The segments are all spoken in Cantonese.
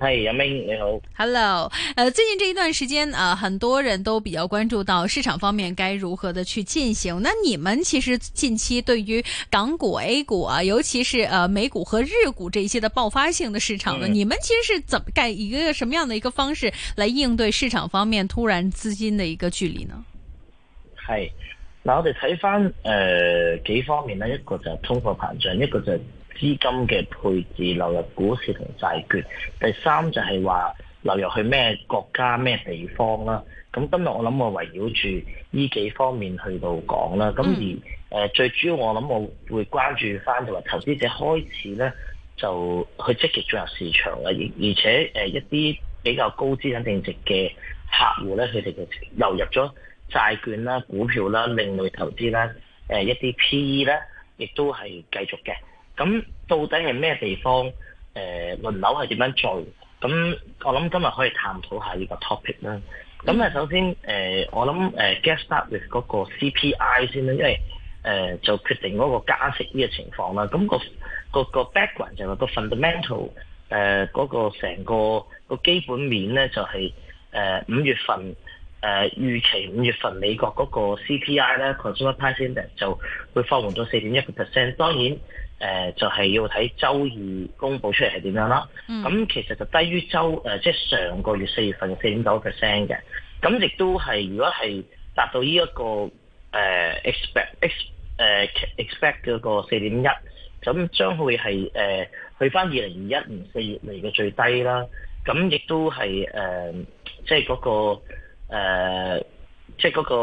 係，阿明你好。Hello，誒、呃，最近這一段時間啊、呃，很多人都比較關注到市場方面該如何的去進行。那你們其實近期對於港股、A 股啊，尤其是呃美股和日股這一些的爆發性的市場呢、嗯？你們其實是怎麼概一個什麼樣的一個方式來應對市場方面突然資金的一個距離呢？係，嗱，我哋睇返誒幾方面呢：一個就係通貨膨脹，一個就係、是。資金嘅配置流入股市同債券，第三就係話流入去咩國家咩地方啦。咁今日我諗我圍繞住呢幾方面去到講啦。咁而最主要我諗我會關注翻同埋投資者開始咧就去積極進入市場啦，而而且一啲比較高資產定值嘅客戶咧，佢哋就流入咗債券啦、股票啦、另類投資啦、一啲 PE 咧，亦都係繼續嘅。咁到底係咩地方？誒、呃，輪流係點樣做？咁我諗今日可以探討下呢個 topic 啦。咁啊，首先誒、呃，我諗、uh, get start with 嗰個 CPI 先啦，因為誒、呃、就決定嗰個加息呢個情況啦。咁、那個、那個那個 background 就係個 fundamental 誒、呃、嗰、那個成個基本面咧、就是，就係誒五月份誒預、呃、期五月份美國嗰個 CPI 咧、mm -hmm.，consumer price index 就會放緩到四點一個 percent。當然。誒、呃、就係、是、要睇週二公佈出嚟係點樣啦。咁、嗯、其實就低於週即係、呃就是、上個月四月份嘅四點九 percent 嘅。咁亦都係如果係達到呢、這、一個誒、呃、expect ex、呃、expect 嗰個四點一，咁將會係誒、呃、去返二零二一年四月嚟嘅最低啦。咁亦都係誒即係嗰個即係嗰個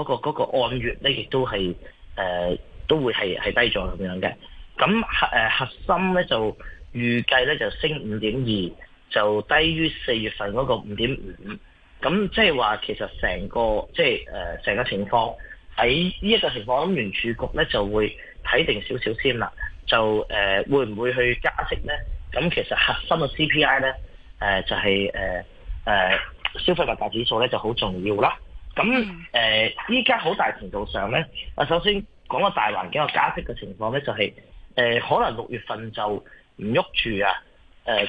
嗰、呃就是那個嗰、那個按、那個、月咧，亦都係誒、呃、都會係係低咗咁樣嘅。咁核誒核心咧就預計咧就升五點二，就低於四月份嗰個五點五。咁即係話其實成個即係誒成個情況喺呢一個情況，咁我諗聯儲局咧就會睇定少少先啦。就誒、呃、會唔會去加息咧？咁其實核心嘅 CPI 咧誒、呃、就係、是、誒、呃、消費物價指數咧就好重要啦。咁誒依家好大程度上咧，啊首先講個大環境個加息嘅情況咧就係、是。誒、呃、可能六月份就唔喐住啊！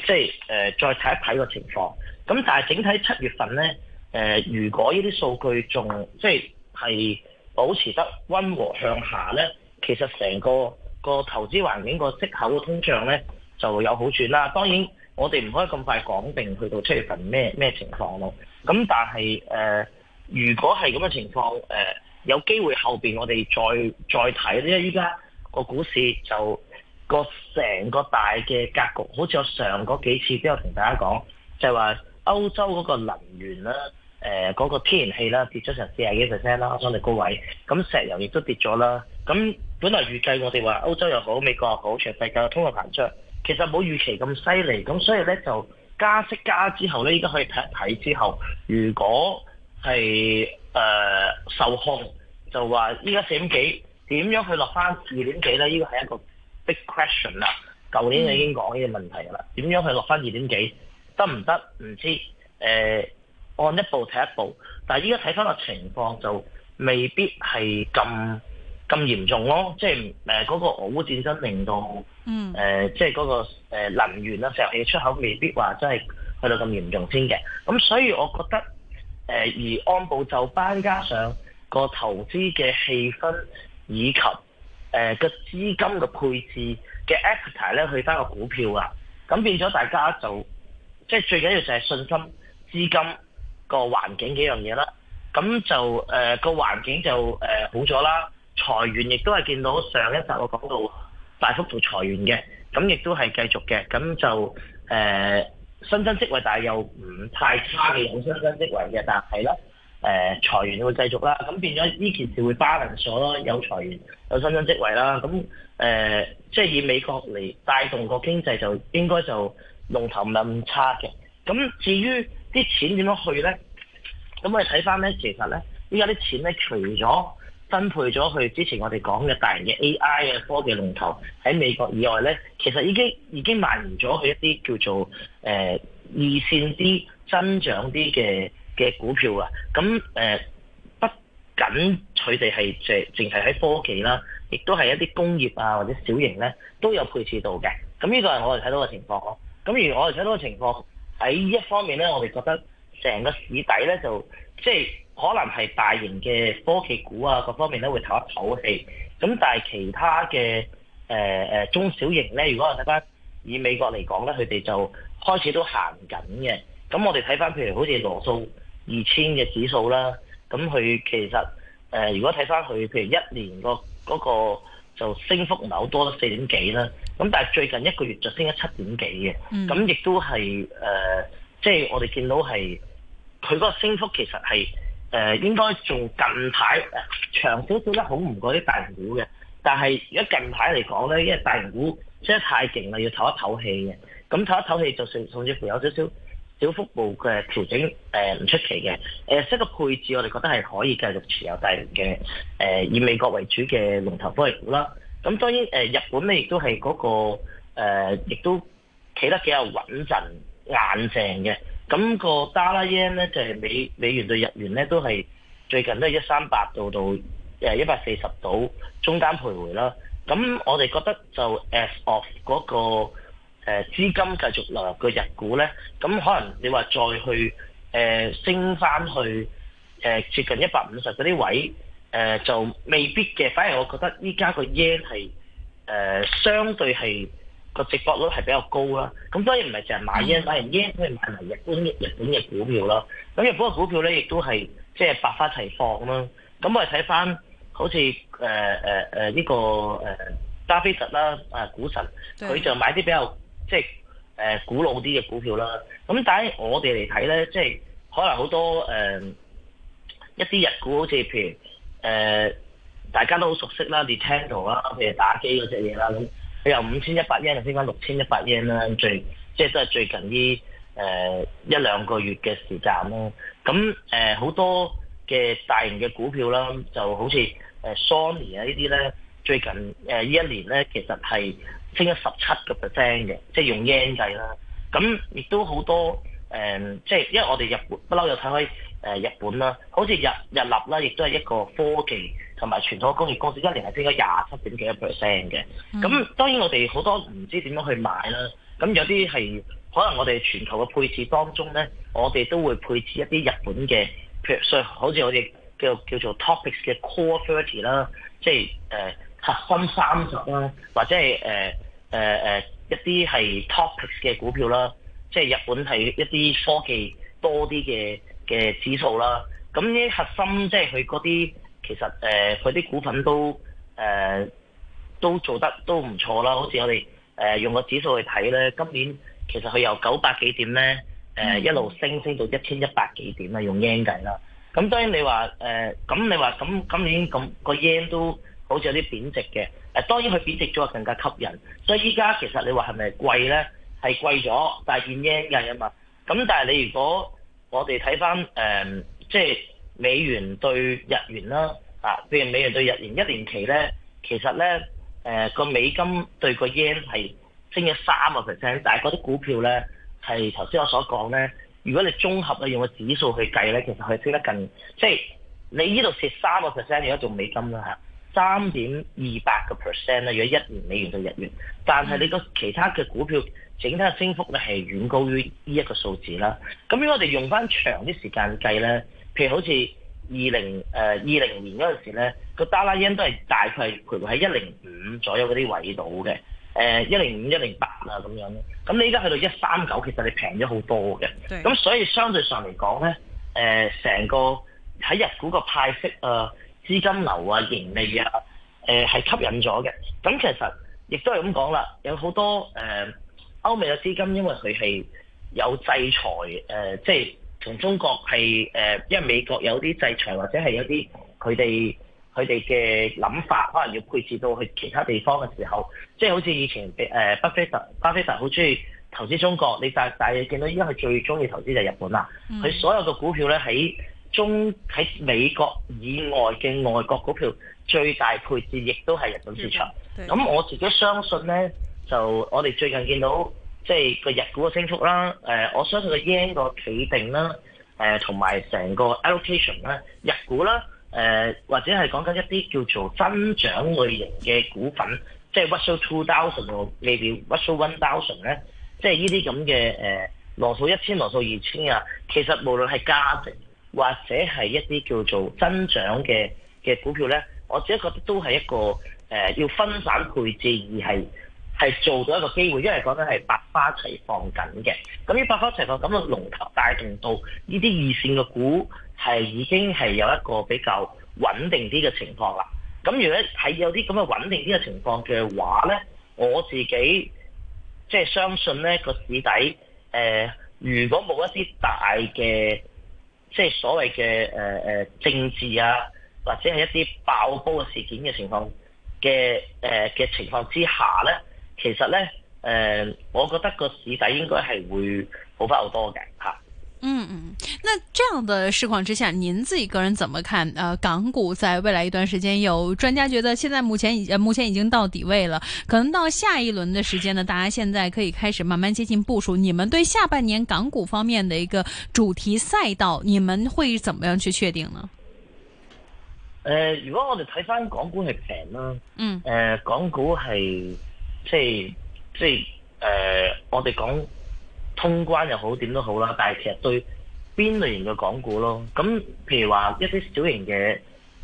即係、呃、再睇一睇個情況。咁但係整體七月份咧，誒、呃、如果呢啲數據仲即係保持得溫和向下咧，其實成個個投資環境個息口嘅通脹咧就有好處啦。當然我哋唔可以咁快講定去到七月份咩咩情況咯。咁但係誒、呃，如果係咁嘅情況，誒、呃、有機會後面我哋再再睇咧。因為依家個股市就個成個大嘅格局，好似我上嗰幾次都有同大家講，就係話歐洲嗰個能源啦，誒嗰個天然氣啦跌咗成四廿幾 percent 啦，創歷高位。咁石油亦都跌咗啦。咁本來預計我哋話歐洲又好，美國又好，全世界通貨膨脹，其實冇預期咁犀利。咁所以咧就加息加之後咧，依家可以睇一睇之後，如果係誒受控，就話依家四點幾。點樣去落翻二點幾咧？依個係一個 big question 啦。舊年已經講呢個問題啦。點樣去落翻二點幾？得唔得？唔知。誒，按一步睇一步。但係依家睇翻個情況就未必係咁咁嚴重咯。即係誒嗰個俄烏戰爭令到，嗯誒，即係嗰個誒能源啦、石油氣出口未必話真係去到咁嚴重先嘅。咁所以我覺得誒，而按部就班，加上個投資嘅氣氛。以及誒個、呃、資金嘅配置嘅 asset 咧去翻個股票啊，咁變咗大家就即係最緊要就係信心、資金個環境幾樣嘢啦。咁就誒個、呃、環境就誒、呃、好咗啦，裁員亦都係見到上一集我講到大幅度裁員嘅，咁亦都係繼續嘅。咁就誒、呃、新增職位，但係又唔太差嘅有新增職位嘅，但係啦誒裁員會繼續啦，咁變咗呢件事會 balance 咗囉，咯，有裁員，有新增職位啦，咁誒、呃、即係以美國嚟帶動個經濟，就應該就龍頭唔係咁差嘅。咁至於啲錢點樣去咧？咁我哋睇翻咧，其實咧，依家啲錢咧，除咗分配咗去之前我哋講嘅大型嘅 AI 嘅科技龍頭喺美國以外咧，其實已經已經蔓延咗去一啲叫做誒、呃、二線啲增長啲嘅。嘅股票啊，咁誒、呃，不僅佢哋係淨係淨喺科技啦，亦都係一啲工業啊或者小型咧都有配置到嘅。咁呢個係我哋睇到嘅情況咯。咁而我哋睇到嘅情況喺一方面咧，我哋覺得成個市底咧就即係可能係大型嘅科技股啊各方面咧，會唞一口氣咁，但係其他嘅誒誒中小型咧，如果我哋睇翻以美國嚟講咧，佢哋就開始都行緊嘅。咁我哋睇翻譬如好似羅素。二千嘅指數啦，咁佢其實誒、呃，如果睇翻佢，譬如一年、個嗰個就升幅唔係好多四點幾啦，咁但係最近一個月就升咗七點幾嘅，咁、嗯、亦都係誒，即、呃、係、即係、我哋見到係佢嗰個升幅其實係誒、呃、應該仲近排長少少咧，好唔過啲大型股嘅，但係而家近排嚟講咧，因為大型股真係太勁啦，要唞一唞氣嘅，咁唞一唞氣就算，甚至乎有少少，小幅度嘅調整，誒、呃、唔出奇嘅。誒、呃，呢個配置我哋覺得係可以繼續持有大型嘅誒以美國為主嘅龍頭科技股啦。咁當然，誒、呃、日本咧亦都係嗰、那個亦、呃、都企得幾有穩陣硬淨嘅。咁、那個 Dollar Yen 呢，就係、是、美美元對日元咧，都係最近都係一三八度到誒一百四十度中間徘徊啦。咁我哋覺得就 as of 嗰、那個。誒資金繼續流入個日股咧，咁可能你話再去誒、呃、升翻去誒、呃、接近一百五十嗰啲位誒、呃、就未必嘅，反而我覺得依家個 yen 係相對係個、呃、值博率係比較高、嗯就是呃呃這個呃、比啦。咁當然唔係淨係買 yen，買 yen 都係買埋日本日本嘅股票啦。咁日本嘅股票咧亦都係即係百花齊放咯。咁我哋睇翻好似誒誒誒呢個誒巴菲特啦啊股神，佢就買啲比較。即係誒古老啲嘅股票啦，咁但係我哋嚟睇咧，即、就、係、是、可能很多、呃、一些好多誒一啲日股，好似譬如誒、呃、大家都好熟悉啦，Nintendo 啦，譬如打機嗰隻嘢啦，咁佢由五千一百 yen 升返六千一百 yen 啦，最即係都係最近呢誒一、呃、一兩個月嘅時間咯。咁誒好多嘅大型嘅股票啦，就好似誒 Sony 啊呢啲咧，最近誒呢、呃、一年咧其實係。升咗十七個 percent 嘅，即係用 yen 計啦。咁亦都好多誒，即、嗯、係、就是、因為我哋日本不嬲，又睇開誒日本啦。好似日日立啦，亦都係一個科技同埋傳統嘅工業公司，一年係升咗廿七點幾個 percent 嘅。咁、嗯、當然我哋好多唔知點樣去買啦。咁有啲係可能我哋全球嘅配置當中咧，我哋都會配置一啲日本嘅譬如，所以好似我哋叫叫做 topics 嘅 core thirty 啦，即係誒。呃核心三十啦，或者係誒誒誒一啲係 TOPIX 嘅股票啦，即係日本係一啲科技多啲嘅嘅指數啦。咁呢核心即係佢嗰啲其實誒佢啲股份都誒、呃、都做得都唔錯啦。好似我哋誒、呃、用個指數去睇咧，今年其實佢由九百幾點咧誒、呃嗯、一路升升到一千一百幾點啊，用 yen 計啦。咁當然你話誒咁你話咁今年咁個 yen 都。好似有啲貶值嘅，誒當然佢貶值咗更加吸引，所以依家其實你話係咪貴咧？係貴咗，但係變 yen 一樣啊嘛。咁但係你如果我哋睇翻即係美元對日元啦，啊，譬如美元對日元一年期咧，其實咧個、呃、美金對個 yen 係升咗三個 percent，但係嗰啲股票咧係頭先我所講咧，如果你綜合用個指數去計咧，其實佢係升得更。即係你呢度蝕三個 percent 而家仲美金啦三點二八個 percent 咧，如果一年美元到日元，但係你個其他嘅股票整體嘅升幅咧係遠高於呢一個數字啦。咁如果我哋用翻長啲時間計咧，譬如好似二零誒二零年嗰陣時咧，個 dollar yen 都係大概係徘徊喺一零五左右嗰啲位度嘅，誒一零五、一零八啊咁樣。咁你而家去到一三九，其實你平咗好多嘅。咁所以相對上嚟講咧，誒、呃、成個喺日股個派息啊～、呃資金流啊、盈利啊，誒、呃、係吸引咗嘅。咁其實亦都係咁講啦，有好多誒、呃、歐美嘅資金，因為佢係有制裁誒，即係從中國係誒、呃，因為美國有啲制裁或者係有啲佢哋佢哋嘅諗法，可能要配置到去其他地方嘅時候，即、就、係、是、好似以前誒巴菲特巴菲特好中意投資中國，你大係但係見到因為佢最中意投資就係日本啦，佢、嗯、所有嘅股票咧喺。中喺美國以外嘅外國股票最大配置，亦都係日本市場。咁、嗯、我自己相信咧，就我哋最近見到即係個日股嘅升幅啦。呃、我相信個 yen 個企定啦，同埋成個 allocation 啦，日股啦，呃、或者係講緊一啲叫做增長類型嘅股份，即係 Russell 2000，或者 Russell 1000咧，即係呢啲咁嘅羅素一千，羅素二千啊。其實無論係價值。或者係一啲叫做增長嘅嘅股票呢，我自己覺得都係一個誒、呃、要分散配置而是，而係係做到一個機會，因為講緊係百花齊放緊嘅。咁呢百花齊放咁嘅龍頭帶動到呢啲二線嘅股係已經係有一個比較穩定啲嘅情況啦。咁如果係有啲咁嘅穩定啲嘅情況嘅話呢，我自己即係、就是、相信呢個市底誒、呃，如果冇一啲大嘅。即係所謂嘅誒誒政治啊，或者係一啲爆煲嘅事件嘅情況嘅誒嘅情況之下咧，其實咧誒、呃，我覺得個市底應該係會好返好多嘅嚇。嗯嗯。那這樣的市況之下，您自己個人怎麼看？呃，港股在未來一段時間有，有專家覺得現在目前已、呃、目前已經到底位了，可能到下一輪的時間呢，大家現在可以開始慢慢接近部署。你們對下半年港股方面的一個主題賽道，你們會怎麼樣去確定呢？呃，如果我哋睇返港股係平啦，嗯，誒、呃，港股係即係即係誒、呃，我哋講通關又好，點都好啦，但係其實對。邊類型嘅港股咯？咁譬如話一啲小型嘅誒、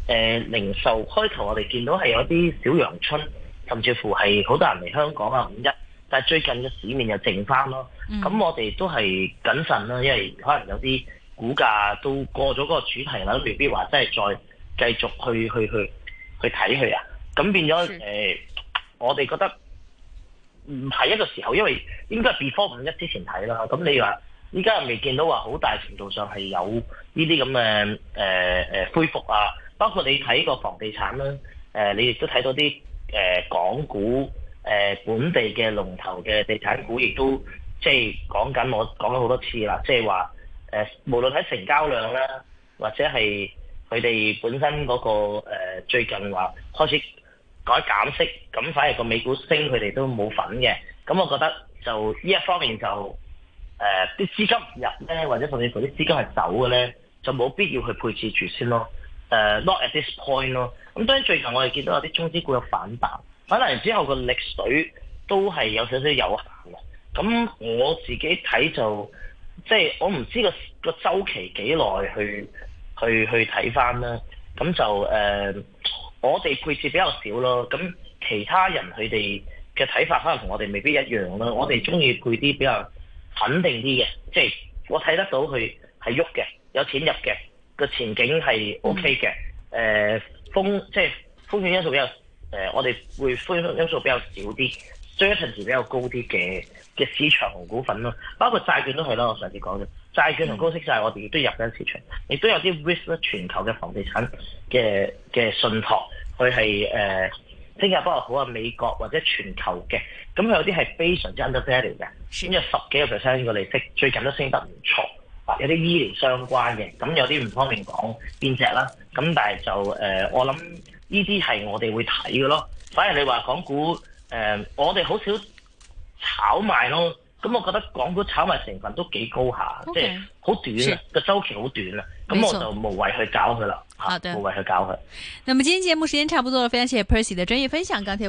呃、零售，開頭我哋見到係有啲小陽春，甚至乎係好多人嚟香港啊五一。但係最近嘅市面又靜返咯。咁、嗯、我哋都係謹慎啦，因為可能有啲股價都過咗嗰個主題啦，未必話真係再繼續去去去去睇佢啊。咁變咗誒、呃，我哋覺得唔係一個時候，因為應該係 before 五一之前睇啦。咁你話？依家未見到話好大程度上係有呢啲咁嘅恢復啊！包括你睇個房地產啦、啊，誒、呃、你亦都睇到啲誒、呃、港股誒、呃、本地嘅龍頭嘅地產股，亦都即係講緊我講咗好多次啦，即係話誒無論喺成交量啦、啊，或者係佢哋本身嗰、那個、呃、最近話開始改減息，咁反而個美股升，佢哋都冇份嘅。咁我覺得就呢一方面就。誒、呃、啲資金入咧，或者甚至乎啲資金係走嘅咧，就冇必要去配置住先咯。誒、呃、not at this point 咯。咁當然最近我哋見到有啲中資股有反彈，反彈完之後個力水都係有少少有限嘅。咁我自己睇就，即係我唔知個個週期幾耐，去去去睇翻啦。咁就誒、呃，我哋配置比較少咯。咁其他人佢哋嘅睇法可能同我哋未必一樣啦。我哋中意配啲比較。肯定啲嘅，即、就、係、是、我睇得到佢係喐嘅，有錢入嘅，個前景係 OK 嘅。誒、嗯呃、風即係、就是、風險因素比較、呃、我哋會風險因素比較少啲，追一層 y 比較高啲嘅嘅市場同股份咯，包括債券都係啦，我上次講嘅債券同高息債我哋亦都入緊市場，亦、嗯、都有啲 risk 全球嘅房地產嘅嘅信託佢係誒。新加坡又好啊，美國或者全球嘅，咁佢有啲係非常之 undervalue 嘅，咁有十幾個 percent 嘅利息，最近都升得唔錯，有啲醫療相關嘅，咁有啲唔方便講邊隻啦，咁但係就誒、呃，我諗呢啲係我哋會睇嘅咯。反而你話港股誒、呃，我哋好少炒賣咯，咁我覺得港股炒賣成分都幾高下，okay。即係好短個周期，好短啦。咁我就無謂去搞佢啦，嚇，無謂去搞佢。那麼今天節目時間差不多了，非常謝謝 Percy 的專業分享，剛才。